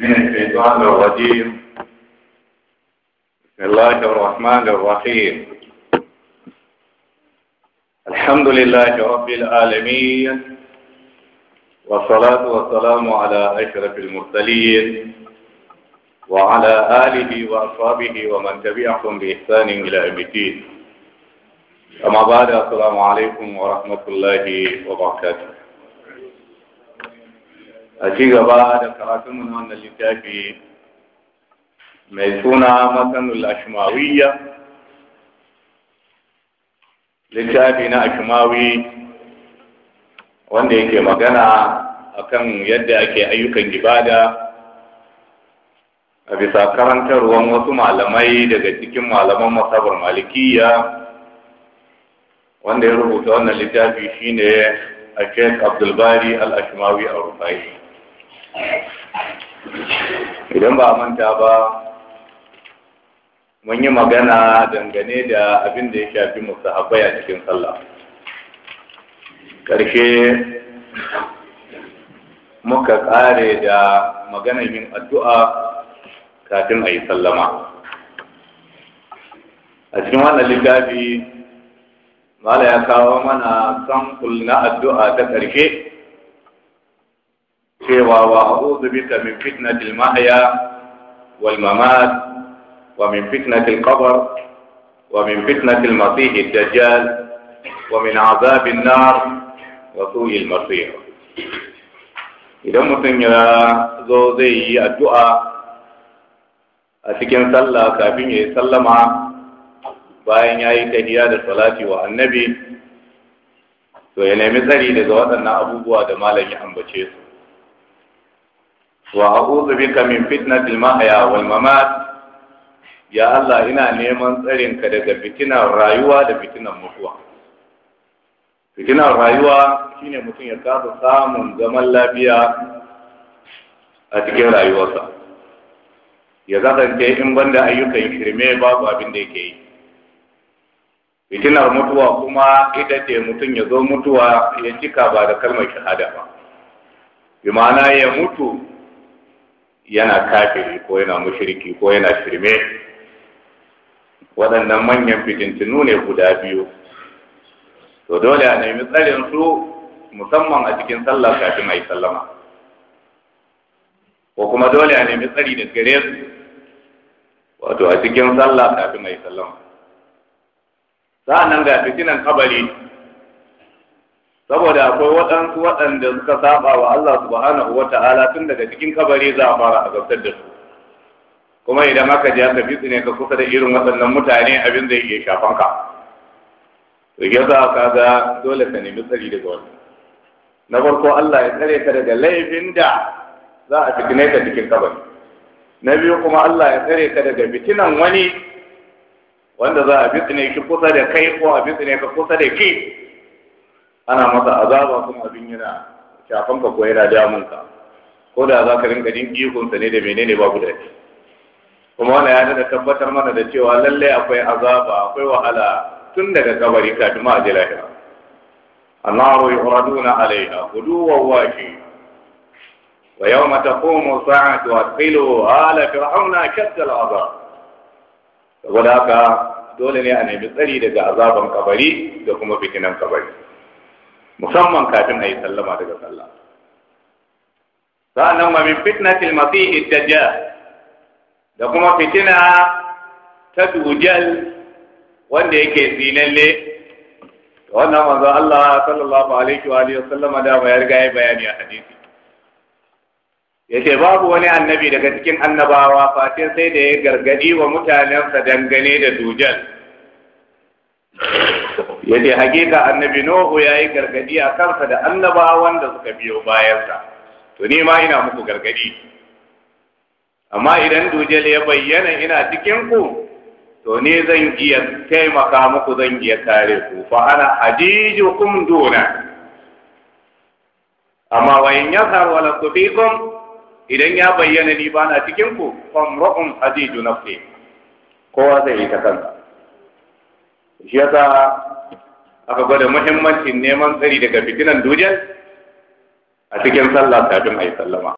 من الشيطان الرجيم بسم الله الرحمن الرحيم الحمد لله رب العالمين والصلاة والسلام على أشرف المرسلين وعلى آله وأصحابه ومن تبعهم بإحسان إلى يوم الدين أما بعد السلام عليكم ورحمة الله وبركاته a ci gaba da karatunmu na wannan littafi mai suna matsanul ashmawiya littafi na ashimawi wanda yake magana akan yadda ake ayyukan ibada a bisa karantarwan wasu malamai daga cikin malaman masabar malikiya wanda ya rubuta wannan littafi shine a sheikh abdulbari al-ashmawi a rufai idan ba manta ba mun yi magana dangane da abin da ya shafi musahabai a cikin sallah ƙarshe muka ƙare da maganar yin addu'a kafin a yi sallama a cikin wannan littafi mala ya kawo mana sankul na addu'a ta ƙarshe cewa wa a'udhu bika min fitnatil mahya wal mamat wa min fitnatil qabr wa min fitnatil masih dajjal wa min azabil nar wa su'il masir idan mutum ya zo zai yi addu'a a cikin sallah kafin ya yi sallama bayan ya yi tahiyya da salati wa annabi to ya nemi tsari daga waɗannan abubuwa da malam ya ambace su وأعوذ بك من فتنة المحيا والممات يا الله إنا نيمان تسرين daga fitinar rayuwa da fitinar mutuwa. fitinar rayuwa shine mutum ya kasa samun zaman lafiya a cikin rayuwarsa ya kasance in banda ayyukan shirme babu abin da yake yi fitinar mutuwa kuma ita ce mutum ya zo mutuwa ya cika ba da kalmar shahada ba bi ma'ana ya mutu yana kafiri ko yana mushriki ko yana shirme waɗannan manyan fitintinu ne guda biyu to dole a nemi tsarin su musamman a cikin sallah kafin a yi sallama ko kuma dole a nemi tsari da gare su wato a cikin sallah kafin a yi sallama sa'an nan ga fitinan kabari saboda akwai waɗansu waɗanda suka saba wa Allah subhanahu wa ta'ala tun daga cikin kabari za a fara azabtar da su kuma idan aka je aka bitsi ne ka kusa da irin waɗannan mutane abin zai iya shafan ka to yasa ka ga dole ka nemi tsari daga wannan na farko Allah ya tsare ka daga laifin da za a fitine ka cikin kabari na biyu kuma Allah ya tsare ka daga fitinan wani wanda za a bitsi shi kusa da kai ko a bitsi ne ka kusa da ki ana masa azaba kuma abin yana shafan ka ko yana damun ka ko da za ka rinka jin ikonsa ne da menene babu daɗi kuma wannan ya daga tabbatar mana da cewa lallai akwai azaba akwai wahala tun daga kabari kafin tuma a ji lahira annaru yuraduna alaiha wa washi wa yawma taqumu sa'atu adkhilu ala fir'auna shadda azab saboda haka dole ne a nemi tsari daga azaban kabari da kuma fitinan kabari musamman kafin a yi sallama daga sallah nan wa min fitnatil masihi dajjal da kuma fitina ta dujal wanda yake zinalle wannan manzo Allah sallallahu alaihi wa alihi sallama da ya riga ya bayani a hadisi yace babu wani annabi daga cikin annabawa fatin sai da ya gargadi wa mutanensa dangane da dujal ya ce hakika annabi nuhu ya yi gargadi a kansa da annabawan wanda suka biyo bayansa to ni ma ina muku gargadi amma idan dujel ya bayyana ina cikin ku to ne zan iya taimaka muku zan iya kare ku fa ana kum duna amma wa in yazhar wa la idan ya bayyana ni bana na cikin ku famru'un hadiju nafsi kowa zai yi ta kansa shi yasa aka gwada muhimmancin neman tsari daga fitinan dujal a cikin sallah kafin a yi sallama